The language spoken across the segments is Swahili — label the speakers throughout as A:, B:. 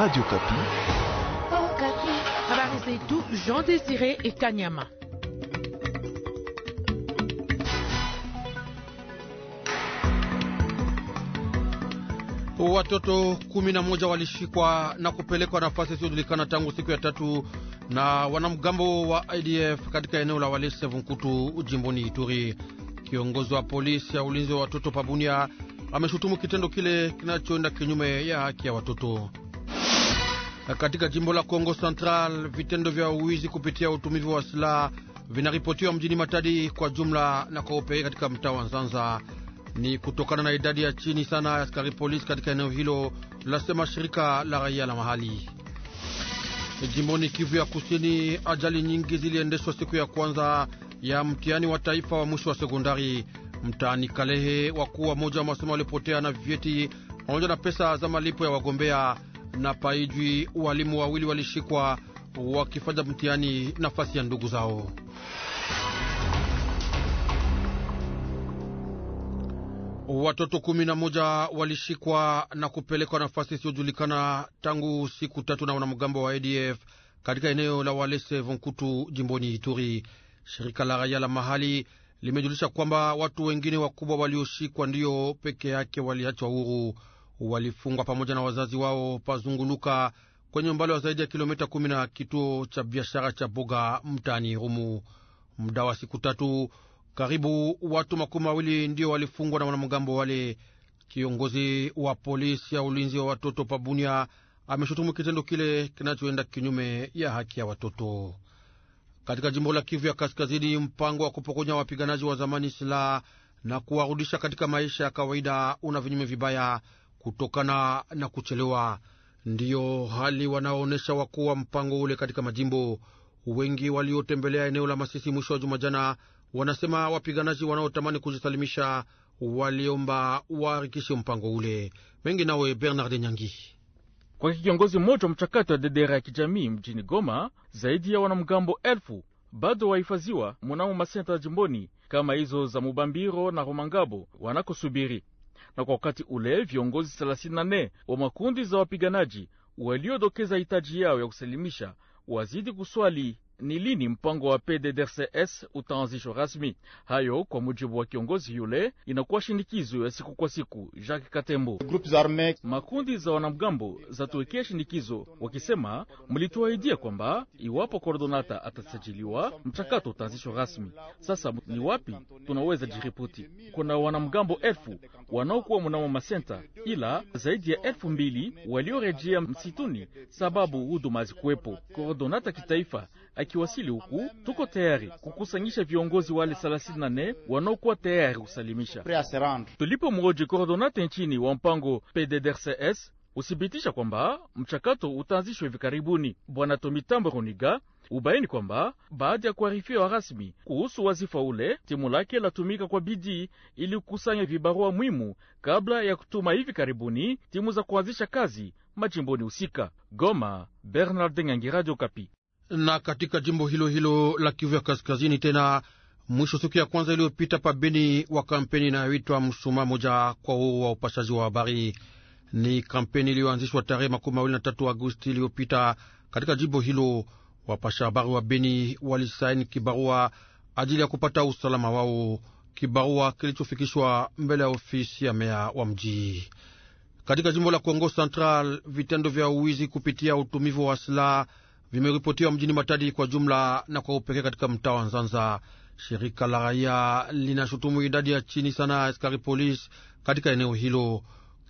A: Radio Kapi. Habari zetu Jean Désiré et Kanyama.
B: Watoto kumi na moja walishikwa na kupelekwa nafasi isiyojulikana tangu siku ya tatu na wanamgambo wa IDF katika eneo la Walese Vunkutu jimboni Ituri. Kiongozi wa polisi ya ulinzi wa watoto Pabunia ameshutumu kitendo kile kinachoenda kinyume ya haki ya watoto. Katika jimbo la Kongo Central, vitendo vya uwizi kupitia utumivu wa silaha vinaripotiwa mjini Matadi kwa jumla na kwa upekee katika mtaa wa Nzanza. Ni kutokana na idadi ya chini sana ya askari polisi katika eneo hilo, lasema shirika la raia la mahali. Jimboni Kivu ya Kusini, ajali nyingi ziliendeshwa siku ya kwanza ya mtihani wa taifa wa mwisho wa sekondari mtaani Kalehe. Wakuu wa moja wa masomo walipotea na vyeti pamoja na pesa za malipo ya wagombea na Paijwi walimu wawili walishikwa wakifanya mtihani nafasi ya ndugu zao. Watoto kumi na moja walishikwa na kupelekwa nafasi isiyojulikana tangu siku tatu na wanamgambo wa ADF katika eneo la Walese Vonkutu jimboni Ituri. Shirika la raia la mahali limejulisha kwamba watu wengine wakubwa walioshikwa ndiyo peke yake waliachwa huru walifungwa pamoja na wazazi wao pazunguluka kwenye umbali wa zaidi ya kilomita kumi na kituo cha biashara cha Boga mtaani Rumu. Muda wa siku tatu karibu watu makumi mawili ndio walifungwa na wanamgambo wale. Kiongozi wa polisi ya ulinzi wa watoto Pabunia ameshutumu kitendo kile kinachoenda kinyume ya haki ya watoto katika jimbo la Kivu ya Kaskazini. Mpango wa kupokonya wapiganaji wa zamani silaha na kuwarudisha katika maisha ya kawaida una vinyume vibaya kutokana na kuchelewa. Ndiyo hali wanaoonyesha wakuu wa mpango ule katika majimbo. Wengi waliotembelea eneo la Masisi mwisho wa juma jana wanasema wapiganaji wanaotamani kujisalimisha waliomba waharikishe mpango ule. Mengi nawe Bernard Nyangi kwa kiongozi mmoja wa mchakato wa dedera ya kijamii mjini Goma, zaidi ya
A: wanamgambo elfu bado wahifadhiwa mwanamo masenta jimboni kama hizo za Mubambiro na Rumangabo wanakosubiri na kwa wakati ule viongozi 34 wa makundi za wapiganaji waliodokeza hitaji yao ya kusalimisha wazidi kuswali ni lini mpango wa PDDRCS utaanzishwa rasmi. Hayo kwa mujibu wa kiongozi yule, inakuwa shinikizo ya siku kwa siku. Jacques Katembo: makundi za wanamgambo zatuwekea shinikizo wakisema, mlituahidia kwamba iwapo kordonata atasajiliwa mchakato utaanzishwa rasmi. Sasa ni wapi tunaweza jiripoti? Kuna wanamgambo elfu wanaokuwa mnamo masenta, ila zaidi ya elfu mbili waliorejea msituni sababu huduma hazikuwepo. kitaifa ikiwasili huku, tuko tayari kukusanyisha viongozi wale 34 wanaokuwa tayari kusalimisha. Tulipo mgoji coordonate nchini wa mpango PDDRCS usibitisha kwamba mchakato utaanzishwa hivi karibuni. Bwana Tomitambo Roniga ubaini kwamba baada ya kuarifiwa rasmi kuhusu wazifa ule, timu lake latumika kwa bidii ili kukusanya vibarua muhimu kabla ya kutuma hivi karibuni timu za kuanzisha kazi majimboni husika. Goma, Bernard Nyangi, Radio Kapi
B: na katika jimbo hilo hilo la Kivu ya Kaskazini tena mwisho siku ya kwanza iliyopita pabeni wa kampeni inayoitwa mshumaa moja kwa uhuru wa upashaji wa habari. Ni kampeni iliyoanzishwa tarehe makumi mawili na tatu Agosti iliyopita katika jimbo hilo. Wapasha habari wa Beni walisaini kibarua ajili ya kupata usalama wao, kibarua kilichofikishwa mbele ya ofisi ya meya wa mji. Katika jimbo la Kongo Central, vitendo vya uwizi kupitia utumivu wa silaha vimeripotiwa mjini Matadi kwa jumla na kwa upekee katika mtaa wa Nzanza. Shirika la raia linashutumu idadi ya chini sana ya askari polisi katika eneo hilo.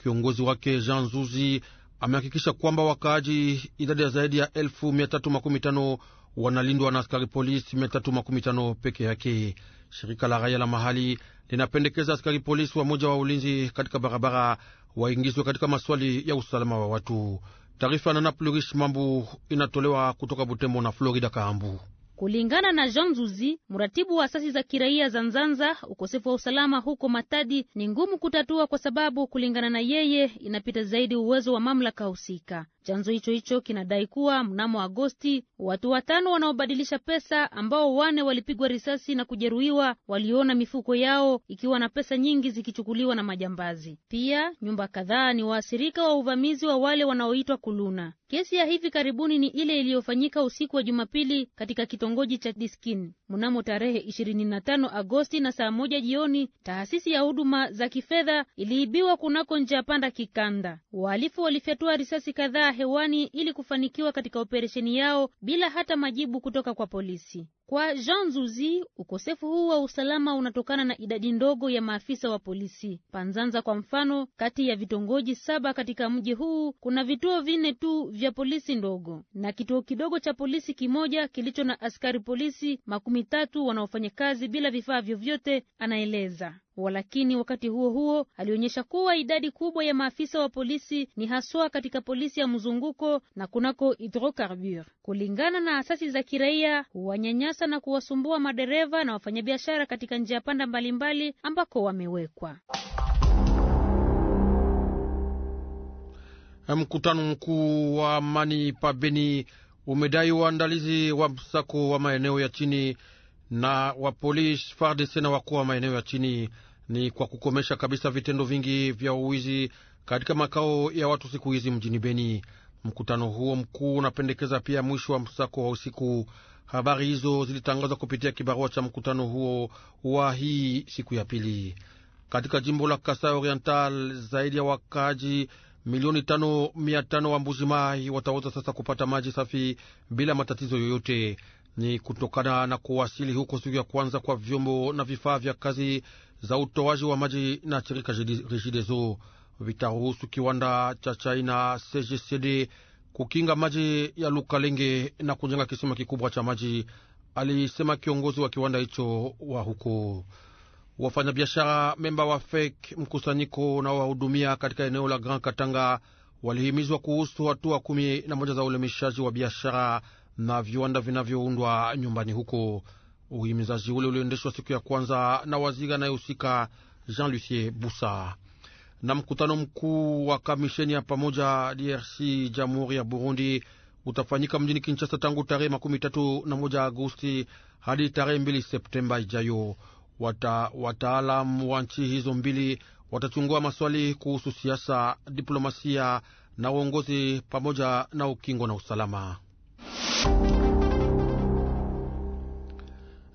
B: Kiongozi wake Jean Zuzi amehakikisha kwamba wakaaji idadi ya zaidi ya elfu mia tatu makumi tano wanalindwa na askari polisi mia tatu makumi tano peke yake. Shirika la raia la mahali linapendekeza askari polisi wamoja wa ulinzi katika barabara waingizwe katika maswali ya usalama wa watu. Taarifa na Pluris Mambu inatolewa kutoka Butembo na Florida kaambu
C: Kulingana na Jean Zuzi, mratibu wa asasi za kiraia za Nzanza, ukosefu wa usalama huko Matadi ni ngumu kutatua kwa sababu kulingana na yeye inapita zaidi uwezo wa mamlaka husika. Chanzo hicho hicho kinadai kuwa mnamo Agosti watu watano wanaobadilisha pesa ambao wane walipigwa risasi na kujeruhiwa waliona mifuko yao ikiwa na pesa nyingi zikichukuliwa na majambazi. Pia nyumba kadhaa ni waathirika wa uvamizi wa wale wanaoitwa kuluna. Kesi ya hivi karibuni ni ile iliyofanyika usiku wa Jumapili katika kitongoji cha Diskin mnamo tarehe 25 Agosti na saa moja jioni. Taasisi ya huduma za kifedha iliibiwa kunako njia panda Kikanda. Wahalifu walifyatua risasi kadhaa hewani ili kufanikiwa katika operesheni yao bila hata majibu kutoka kwa polisi. Kwa Jean Zuzi, ukosefu huu wa usalama unatokana na idadi ndogo ya maafisa wa polisi. Panzanza kwa mfano, kati ya vitongoji saba katika mji huu kuna vituo vinne tu vya polisi ndogo na kituo kidogo cha polisi kimoja kilicho na askari polisi makumi tatu wanaofanya kazi bila vifaa vyovyote, anaeleza. Walakini wakati huo huo alionyesha kuwa idadi kubwa ya maafisa wa polisi ni haswa katika polisi ya mzunguko na kunako hidrokarbure. Kulingana na asasi za kiraia, huwanyanyasa na kuwasumbua madereva na wafanyabiashara katika njia panda mbalimbali ambako wamewekwa.
B: Mkutano mkuu wa amani pabeni umedai uandalizi wa msako wa maeneo ya chini na wa polisi FARDC na wakuu wa maeneo ya chini ni kwa kukomesha kabisa vitendo vingi vya uwizi katika makao ya watu siku hizi mjini Beni. Mkutano huo mkuu unapendekeza pia mwisho wa msako wa usiku. Habari hizo zilitangazwa kupitia kibarua cha mkutano huo wa hii siku ya pili. Katika jimbo la Kasai Oriental, zaidi ya wakaaji milioni tano mia tano wa mbuzi Mai wataweza sasa kupata maji safi bila matatizo yoyote ni kutokana na kuwasili huko siku ya kwanza kwa vyombo na vifaa vya kazi za utoaji wa maji na shirika Regideso vitaruhusu kiwanda cha China CGCD kukinga maji ya Lukalenge na kujenga kisima kikubwa cha maji, alisema kiongozi wa kiwanda hicho wa huko. Wafanyabiashara memba wa FEK mkusanyiko na wahudumia katika eneo la Grand Katanga walihimizwa kuhusu hatua kumi na moja za ulemishaji wa biashara na viwanda vinavyoundwa nyumbani huko. Uhimizaji ule ulioendeshwa siku ya kwanza na waziri anayehusika Jean Lucier Busa na mkutano mkuu wa kamisheni ya pamoja DRC Jamhuri ya Burundi utafanyika mjini Kinshasa tangu tarehe makumi tatu na moja Agosti hadi tarehe mbili Septemba ijayo. Wata, wa nchi hizo mbili watachungua maswali kuhusu siasa, diplomasia na uongozi pamoja na ukingo na usalama.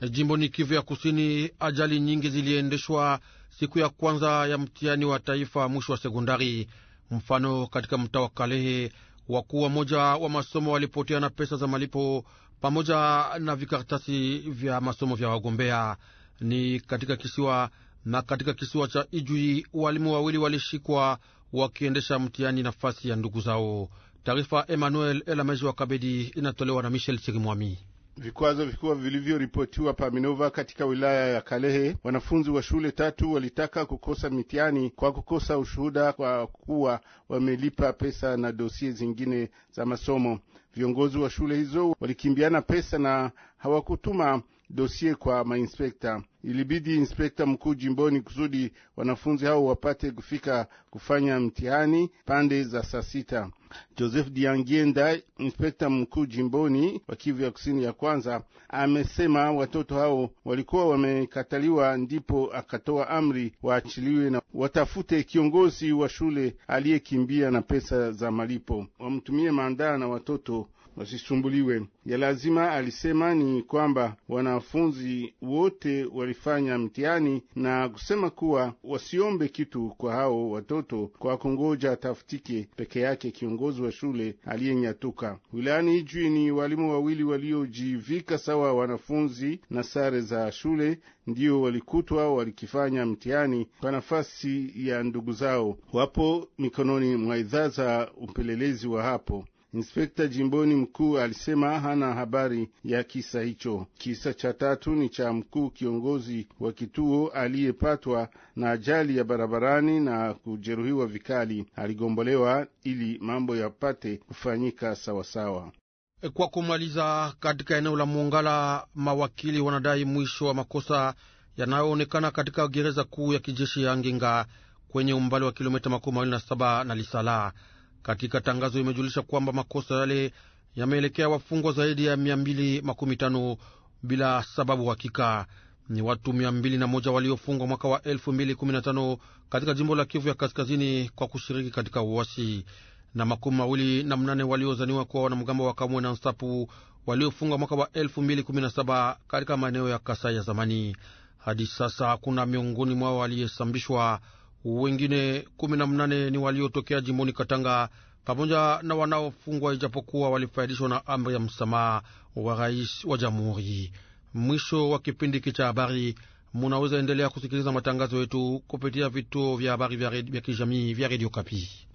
B: jimbo ni Kivu ya Kusini, ajali nyingi ziliendeshwa siku ya kwanza ya mtihani wa taifa mwisho wa sekondari. Mfano, katika mtaa wa Kalehe, wakuu wa moja wa masomo walipotea na pesa za malipo pamoja na vikaratasi vya masomo vya wagombea ni katika kisiwa na katika kisiwa cha Ijui walimu wawili walishikwa wakiendesha mtihani nafasi ya ndugu zao. Taarifa Emmanuel Elameji wa Kabedi inatolewa na Michel Sirimwami vikwazo
D: vikuwa vilivyoripotiwa Paminova katika wilaya ya Kalehe. Wanafunzi wa shule tatu walitaka kukosa mitihani kwa kukosa ushuhuda kwa kuwa wamelipa pesa na dosie zingine za masomo. Viongozi wa shule hizo walikimbiana pesa na hawakutuma dosie kwa mainspekta. Ilibidi inspekta mkuu jimboni kusudi wanafunzi hao wapate kufika kufanya mtihani pande za saa sita. Joseph Diangienda, inspekta mkuu jimboni wa Kivu ya kusini ya kwanza, amesema watoto hao walikuwa wamekataliwa, ndipo akatoa amri waachiliwe na watafute kiongozi wa shule aliyekimbia na pesa za malipo, wamtumie maandaa na watoto wasisumbuliwe. Ya lazima alisema ni kwamba wanafunzi wote walifanya mtihani na kusema kuwa wasiombe kitu kwa hao watoto kwa kungoja tafutike peke yake kiongozi wa shule aliyenyatuka wilayani Ijwi. Ni walimu wawili waliojivika sawa wanafunzi na sare za shule ndiyo walikutwa walikifanya mtihani kwa nafasi ya ndugu zao, wapo mikononi mwa idhaa za upelelezi wa hapo. Inspekta jimboni mkuu alisema hana habari ya kisa hicho. Kisa cha tatu ni cha mkuu kiongozi wa kituo aliyepatwa na ajali ya barabarani na kujeruhiwa vikali, aligombolewa ili mambo yapate kufanyika sawasawa.
B: Kwa kumaliza, katika eneo la Mongala mawakili wanadai mwisho wa makosa yanayoonekana katika gereza kuu ya kijeshi ya Nginga kwenye umbali wa kilomita makumi mawili na saba na Lisala. Katika tangazo imejulisha kwamba makosa yale yameelekea wafungwa zaidi ya mia mbili makumi tano bila sababu hakika. Ni watu mia mbili na moja waliofungwa mwaka wa elfu mbili kumi na tano katika jimbo la Kivu ya Kaskazini kwa kushiriki katika uasi na makumi mawili na mnane waliozaniwa kuwa wanamgambo wa Kamwe na Nsapu waliofungwa mwaka wa elfu mbili kumi na saba katika maeneo ya Kasai ya zamani. Hadi sasa hakuna miongoni mwao aliyesambishwa wengine kumi na mnane ni waliotokea jimboni Katanga pamoja na wanaofungwa ijapokuwa walifaidishwa na amri ya msamaha wa rais wa jamhuri. Mwisho wa kipindi hiki cha habari, munaweza endelea kusikiliza matangazo yetu kupitia vituo vya habari vya kijamii vya redio Kapi.